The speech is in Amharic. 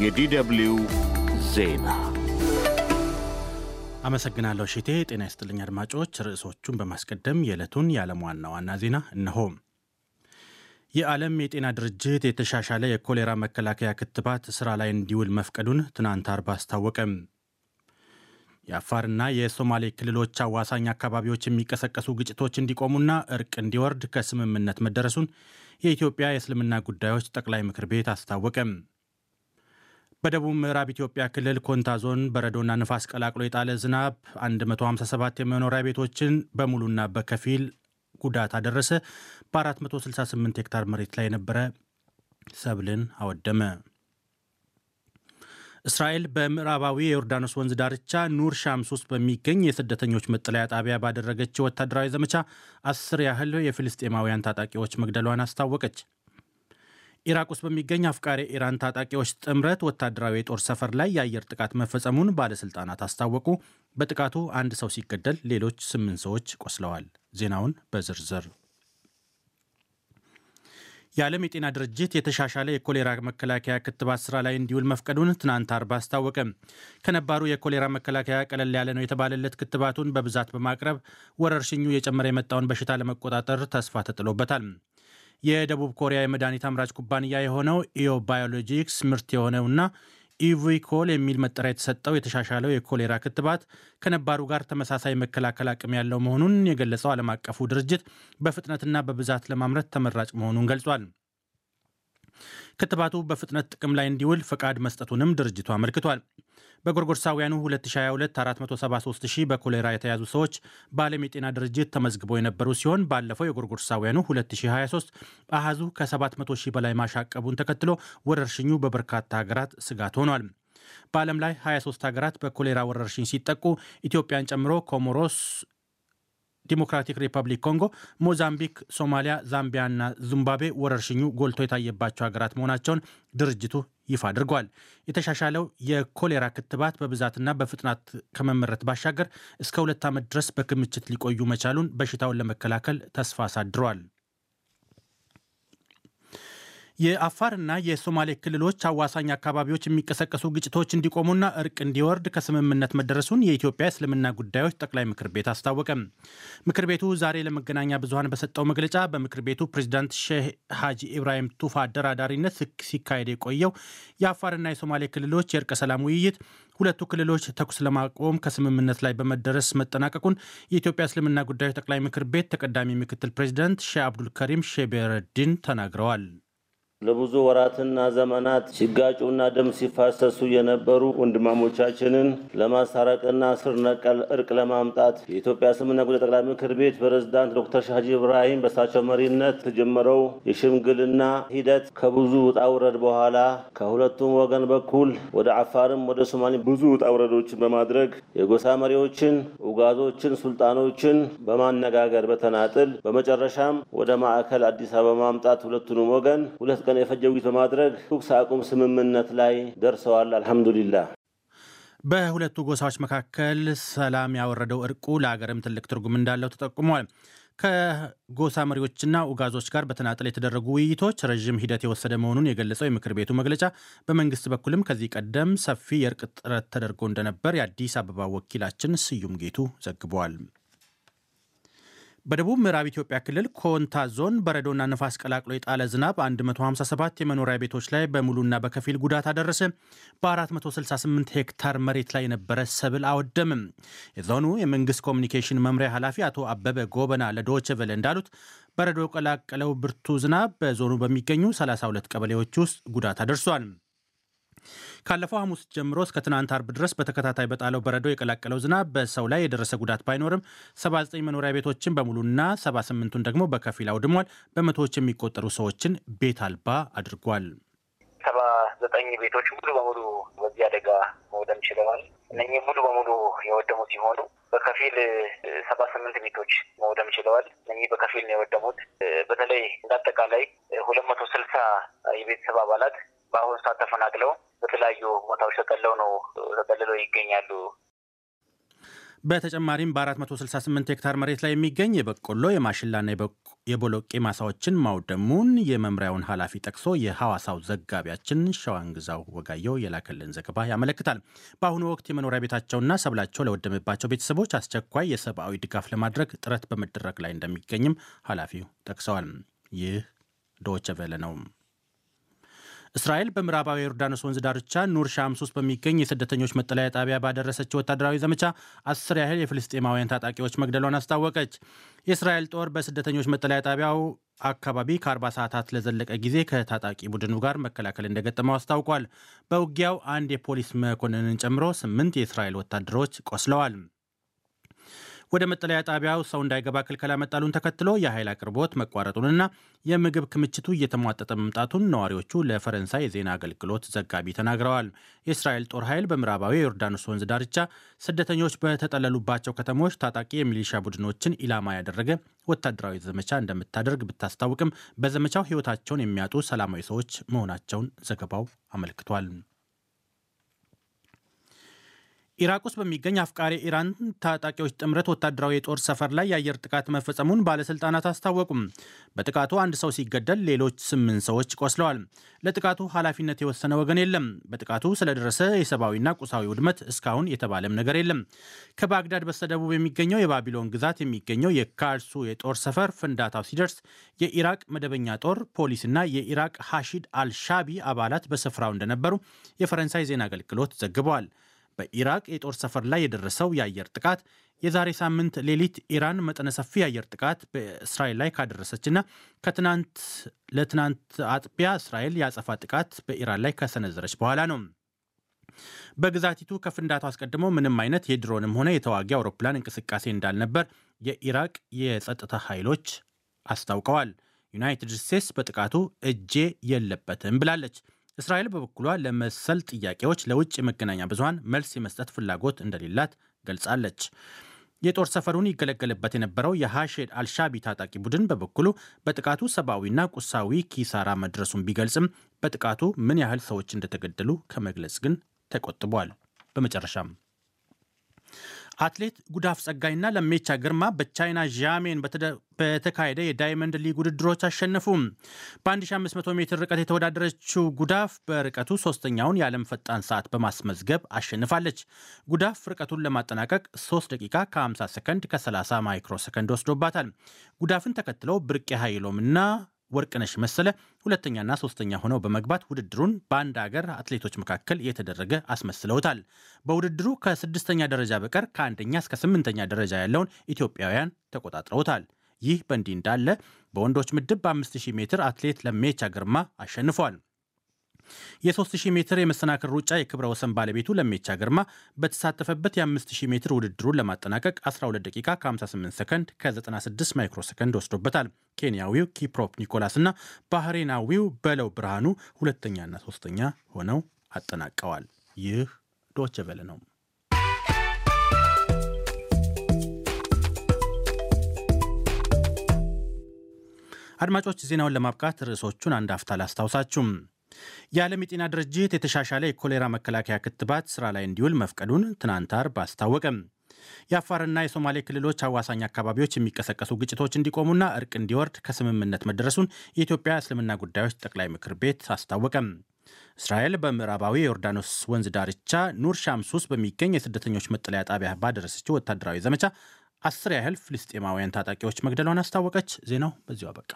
የዲደብልዩ ዜና አመሰግናለሁ ሽቴ። ጤና ይስጥልኝ አድማጮች። ርዕሶቹን በማስቀደም የዕለቱን የዓለም ዋና ዋና ዜና እነሆ። የዓለም የጤና ድርጅት የተሻሻለ የኮሌራ መከላከያ ክትባት ሥራ ላይ እንዲውል መፍቀዱን ትናንት አርባ አስታወቀም። የአፋርና የሶማሌ ክልሎች አዋሳኝ አካባቢዎች የሚቀሰቀሱ ግጭቶች እንዲቆሙና እርቅ እንዲወርድ ከስምምነት መደረሱን የኢትዮጵያ የእስልምና ጉዳዮች ጠቅላይ ምክር ቤት አስታወቀም። በደቡብ ምዕራብ ኢትዮጵያ ክልል ኮንታ ዞን በረዶና ንፋስ ቀላቅሎ የጣለ ዝናብ 157 የመኖሪያ ቤቶችን በሙሉና በከፊል ጉዳት አደረሰ። በ468 ሄክታር መሬት ላይ የነበረ ሰብልን አወደመ። እስራኤል በምዕራባዊ የዮርዳኖስ ወንዝ ዳርቻ ኑር ሻምስ ውስጥ በሚገኝ የስደተኞች መጠለያ ጣቢያ ባደረገችው ወታደራዊ ዘመቻ አስር ያህል የፍልስጤማውያን ታጣቂዎች መግደሏን አስታወቀች። ኢራቅ ውስጥ በሚገኝ አፍቃሪ ኢራን ታጣቂዎች ጥምረት ወታደራዊ የጦር ሰፈር ላይ የአየር ጥቃት መፈጸሙን ባለስልጣናት አስታወቁ። በጥቃቱ አንድ ሰው ሲገደል ሌሎች ስምንት ሰዎች ቆስለዋል። ዜናውን በዝርዝር የዓለም የጤና ድርጅት የተሻሻለ የኮሌራ መከላከያ ክትባት ስራ ላይ እንዲውል መፍቀዱን ትናንት አርባ አስታወቀ። ከነባሩ የኮሌራ መከላከያ ቀለል ያለ ነው የተባለለት ክትባቱን በብዛት በማቅረብ ወረርሽኙ የጨመረ የመጣውን በሽታ ለመቆጣጠር ተስፋ ተጥሎበታል። የደቡብ ኮሪያ የመድኃኒት አምራች ኩባንያ የሆነው ኢዮ ባዮሎጂክስ ምርት የሆነውና ኢቪኮል የሚል መጠሪያ የተሰጠው የተሻሻለው የኮሌራ ክትባት ከነባሩ ጋር ተመሳሳይ መከላከል አቅም ያለው መሆኑን የገለጸው ዓለም አቀፉ ድርጅት በፍጥነትና በብዛት ለማምረት ተመራጭ መሆኑን ገልጿል። ክትባቱ በፍጥነት ጥቅም ላይ እንዲውል ፈቃድ መስጠቱንም ድርጅቱ አመልክቷል። በጎርጎርሳውያኑ 2022 473 ሺህ በኮሌራ የተያዙ ሰዎች በዓለም የጤና ድርጅት ተመዝግበው የነበሩ ሲሆን ባለፈው የጎርጎርሳውያኑ 2023 አሃዙ ከ700 ሺህ በላይ ማሻቀቡን ተከትሎ ወረርሽኙ በበርካታ ሀገራት ስጋት ሆኗል። በዓለም ላይ 23 ሀገራት በኮሌራ ወረርሽኝ ሲጠቁ ኢትዮጵያን ጨምሮ ኮሞሮስ፣ ዲሞክራቲክ ሪፐብሊክ ኮንጎ፣ ሞዛምቢክ፣ ሶማሊያ፣ ዛምቢያና ዚምባብዌ ወረርሽኙ ጎልቶ የታየባቸው ሀገራት መሆናቸውን ድርጅቱ ይፋ አድርጓል። የተሻሻለው የኮሌራ ክትባት በብዛትና በፍጥነት ከመመረት ባሻገር እስከ ሁለት ዓመት ድረስ በክምችት ሊቆዩ መቻሉን በሽታውን ለመከላከል ተስፋ አሳድረዋል። የአፋርና የሶማሌ ክልሎች አዋሳኝ አካባቢዎች የሚቀሰቀሱ ግጭቶች እንዲቆሙና እርቅ እንዲወርድ ከስምምነት መደረሱን የኢትዮጵያ እስልምና ጉዳዮች ጠቅላይ ምክር ቤት አስታወቀም። ምክር ቤቱ ዛሬ ለመገናኛ ብዙሀን በሰጠው መግለጫ በምክር ቤቱ ፕሬዚዳንት ሼህ ሀጂ ኢብራሂም ቱፋ አደራዳሪነት ሲካሄድ የቆየው የአፋርና የሶማሌ ክልሎች የእርቀ ሰላም ውይይት ሁለቱ ክልሎች ተኩስ ለማቆም ከስምምነት ላይ በመደረስ መጠናቀቁን የኢትዮጵያ እስልምና ጉዳዮች ጠቅላይ ምክር ቤት ተቀዳሚ ምክትል ፕሬዚዳንት ሼህ አብዱልከሪም ሼህ ቤረዲን ተናግረዋል። ለብዙ ወራትና ዘመናት ሲጋጩና ደም ሲፋሰሱ የነበሩ ወንድማሞቻችንን ለማስታረቅና ስር ነቀል እርቅ ለማምጣት የኢትዮጵያ እስልምና ጉዳይ ጠቅላይ ምክር ቤት ፕሬዝዳንት ዶክተር ሻጂ ኢብራሂም በሳቸው መሪነት የተጀመረው የሽምግልና ሂደት ከብዙ ውጣ ውረድ በኋላ ከሁለቱም ወገን በኩል ወደ አፋርም ወደ ሶማሌ ብዙ ውጣ ውረዶችን በማድረግ የጎሳ መሪዎችን፣ ኡጋዞችን፣ ሱልጣኖችን በማነጋገር በተናጥል በመጨረሻም ወደ ማዕከል አዲስ አበባ ማምጣት ሁለቱንም ወገን ሁለት ቀን የፈጀ ውይይት በማድረግ ተኩስ አቁም ስምምነት ላይ ደርሰዋል። አልሐምዱሊላህ። በሁለቱ ጎሳዎች መካከል ሰላም ያወረደው እርቁ ለሀገርም ትልቅ ትርጉም እንዳለው ተጠቁሟል። ከጎሳ መሪዎችና ኡጋዞች ጋር በተናጠል የተደረጉ ውይይቶች ረዥም ሂደት የወሰደ መሆኑን የገለጸው የምክር ቤቱ መግለጫ በመንግስት በኩልም ከዚህ ቀደም ሰፊ የእርቅ ጥረት ተደርጎ እንደነበር የአዲስ አበባ ወኪላችን ስዩም ጌቱ ዘግቧል። በደቡብ ምዕራብ ኢትዮጵያ ክልል ኮንታ ዞን በረዶና ነፋስ ቀላቅሎ የጣለ ዝናብ 157 የመኖሪያ ቤቶች ላይ በሙሉና በከፊል ጉዳት አደረሰ። በ468 ሄክታር መሬት ላይ የነበረ ሰብል አወደምም። የዞኑ የመንግስት ኮሚኒኬሽን መምሪያ ኃላፊ አቶ አበበ ጎበና ለዶች ቬለ እንዳሉት በረዶ ቀላቀለው ብርቱ ዝናብ በዞኑ በሚገኙ 32 ቀበሌዎች ውስጥ ጉዳት አደርሷል። ካለፈው ሐሙስ ጀምሮ እስከ ትናንት አርብ ድረስ በተከታታይ በጣለው በረዶ የቀላቀለው ዝናብ በሰው ላይ የደረሰ ጉዳት ባይኖርም 79 መኖሪያ ቤቶችን በሙሉና 78ቱን ደግሞ በከፊል አውድሟል። በመቶዎች የሚቆጠሩ ሰዎችን ቤት አልባ አድርጓል። ሰባ ዘጠኝ ቤቶች ሙሉ በሙሉ በዚህ አደጋ መውደም ችለዋል። እነኚህ ሙሉ በሙሉ የወደሙ ሲሆኑ በከፊል ሰባ ስምንት ቤቶች መውደም ችለዋል። እነኚህ በከፊል ነው የወደሙት። በተለይ እንዳጠቃላይ ሁለት መቶ ስልሳ የቤተሰብ አባላት በአሁኑ ሰዓት ተፈናቅለው በተለያዩ ቦታዎች ተጠለው ነው ተጠልለው ይገኛሉ። በተጨማሪም በ468 ሄክታር መሬት ላይ የሚገኝ የበቆሎ የማሽላና የቦሎቄ ማሳዎችን ማውደሙን የመምሪያውን ኃላፊ ጠቅሶ የሐዋሳው ዘጋቢያችን ሸዋንግዛው ወጋየው የላከልን ዘገባ ያመለክታል። በአሁኑ ወቅት የመኖሪያ ቤታቸውና ሰብላቸው ለወደመባቸው ቤተሰቦች አስቸኳይ የሰብአዊ ድጋፍ ለማድረግ ጥረት በመደረግ ላይ እንደሚገኝም ኃላፊው ጠቅሰዋል። ይህ ዶቸቨለ ነው። እስራኤል በምዕራባዊ ዮርዳኖስ ወንዝ ዳርቻ ኑር ሻምሱስ በሚገኝ የስደተኞች መጠለያ ጣቢያ ባደረሰችው ወታደራዊ ዘመቻ አስር ያህል የፍልስጤማውያን ታጣቂዎች መግደሏን አስታወቀች። የእስራኤል ጦር በስደተኞች መጠለያ ጣቢያው አካባቢ ከ40 ሰዓታት ለዘለቀ ጊዜ ከታጣቂ ቡድኑ ጋር መከላከል እንደገጠመው አስታውቋል። በውጊያው አንድ የፖሊስ መኮንንን ጨምሮ ስምንት የእስራኤል ወታደሮች ቆስለዋል። ወደ መጠለያ ጣቢያው ሰው እንዳይገባ ክልከላ መጣሉን ተከትሎ የኃይል አቅርቦት መቋረጡንና የምግብ ክምችቱ እየተሟጠጠ መምጣቱን ነዋሪዎቹ ለፈረንሳይ የዜና አገልግሎት ዘጋቢ ተናግረዋል። የእስራኤል ጦር ኃይል በምዕራባዊ የዮርዳኖስ ወንዝ ዳርቻ ስደተኞች በተጠለሉባቸው ከተሞች ታጣቂ የሚሊሻ ቡድኖችን ኢላማ ያደረገ ወታደራዊ ዘመቻ እንደምታደርግ ብታስታውቅም በዘመቻው ሕይወታቸውን የሚያጡ ሰላማዊ ሰዎች መሆናቸውን ዘገባው አመልክቷል። ኢራቅ ውስጥ በሚገኝ አፍቃሪ ኢራን ታጣቂዎች ጥምረት ወታደራዊ የጦር ሰፈር ላይ የአየር ጥቃት መፈጸሙን ባለስልጣናት አስታወቁም። በጥቃቱ አንድ ሰው ሲገደል ሌሎች ስምንት ሰዎች ቆስለዋል። ለጥቃቱ ኃላፊነት የወሰነ ወገን የለም። በጥቃቱ ስለደረሰ የሰብአዊና ቁሳዊ ውድመት እስካሁን የተባለም ነገር የለም። ከባግዳድ በስተደቡብ የሚገኘው የባቢሎን ግዛት የሚገኘው የካርሱ የጦር ሰፈር ፍንዳታው ሲደርስ የኢራቅ መደበኛ ጦር ፖሊስና የኢራቅ ሐሺድ አልሻቢ አባላት በስፍራው እንደነበሩ የፈረንሳይ ዜና አገልግሎት ዘግበዋል። በኢራቅ የጦር ሰፈር ላይ የደረሰው የአየር ጥቃት የዛሬ ሳምንት ሌሊት ኢራን መጠነ ሰፊ የአየር ጥቃት በእስራኤል ላይ ካደረሰችና ከትናንት ለትናንት አጥቢያ እስራኤል የአጸፋ ጥቃት በኢራን ላይ ከሰነዘረች በኋላ ነው። በግዛቲቱ ከፍንዳታው አስቀድሞ ምንም አይነት የድሮንም ሆነ የተዋጊ አውሮፕላን እንቅስቃሴ እንዳልነበር የኢራቅ የጸጥታ ኃይሎች አስታውቀዋል። ዩናይትድ ስቴትስ በጥቃቱ እጄ የለበትም ብላለች። እስራኤል በበኩሏ ለመሰል ጥያቄዎች ለውጭ የመገናኛ ብዙሀን መልስ የመስጠት ፍላጎት እንደሌላት ገልጻለች። የጦር ሰፈሩን ይገለገልበት የነበረው የሐሼድ አልሻቢ ታጣቂ ቡድን በበኩሉ በጥቃቱ ሰብአዊና ቁሳዊ ኪሳራ መድረሱን ቢገልጽም በጥቃቱ ምን ያህል ሰዎች እንደተገደሉ ከመግለጽ ግን ተቆጥቧል። በመጨረሻም አትሌት ጉዳፍ ጸጋይና ለሜቻ ግርማ በቻይና ዣሜን በተካሄደ የዳይመንድ ሊግ ውድድሮች አሸነፉ። በ1500 ሜትር ርቀት የተወዳደረችው ጉዳፍ በርቀቱ ሶስተኛውን የዓለም ፈጣን ሰዓት በማስመዝገብ አሸንፋለች። ጉዳፍ ርቀቱን ለማጠናቀቅ 3 ደቂቃ ከ50 ሰከንድ ከ30 ማይክሮ ሰከንድ ወስዶባታል። ጉዳፍን ተከትለው ብርቄ ኃይሎም ወርቅነሽ መሰለ ሁለተኛና ሶስተኛ ሆነው በመግባት ውድድሩን በአንድ አገር አትሌቶች መካከል የተደረገ አስመስለውታል። በውድድሩ ከስድስተኛ ደረጃ በቀር ከአንደኛ እስከ ስምንተኛ ደረጃ ያለውን ኢትዮጵያውያን ተቆጣጥረውታል። ይህ በእንዲህ እንዳለ በወንዶች ምድብ በ5000 ሜትር አትሌት ለሜቻ ግርማ አሸንፏል። የ3000 ሜትር የመሰናክል ሩጫ የክብረ ወሰን ባለቤቱ ለሜቻ ግርማ በተሳተፈበት የ5000 ሜትር ውድድሩን ለማጠናቀቅ 12 ደቂቃ ከ58 ሰከንድ ከ96 ማይክሮ ሰከንድ ወስዶበታል። ኬንያዊው ኪፕሮፕ ኒኮላስ እና ባህሬናዊው በለው ብርሃኑ ሁለተኛና ሶስተኛ ሆነው አጠናቀዋል። ይህ ዶቼ ቬለ ነው። አድማጮች ዜናውን ለማብቃት ርዕሶቹን አንድ አፍታ ላስታውሳችሁም። የዓለም የጤና ድርጅት የተሻሻለ የኮሌራ መከላከያ ክትባት ስራ ላይ እንዲውል መፍቀዱን ትናንት አርብ አስታወቀም። የአፋርና የሶማሌ ክልሎች አዋሳኝ አካባቢዎች የሚቀሰቀሱ ግጭቶች እንዲቆሙና እርቅ እንዲወርድ ከስምምነት መድረሱን የኢትዮጵያ እስልምና ጉዳዮች ጠቅላይ ምክር ቤት አስታወቀም። እስራኤል በምዕራባዊ የዮርዳኖስ ወንዝ ዳርቻ ኑር ሻምሱስ በሚገኝ የስደተኞች መጠለያ ጣቢያ ባደረሰችው ወታደራዊ ዘመቻ አስር ያህል ፍልስጤማውያን ታጣቂዎች መግደሏን አስታወቀች። ዜናው በዚሁ አበቃ።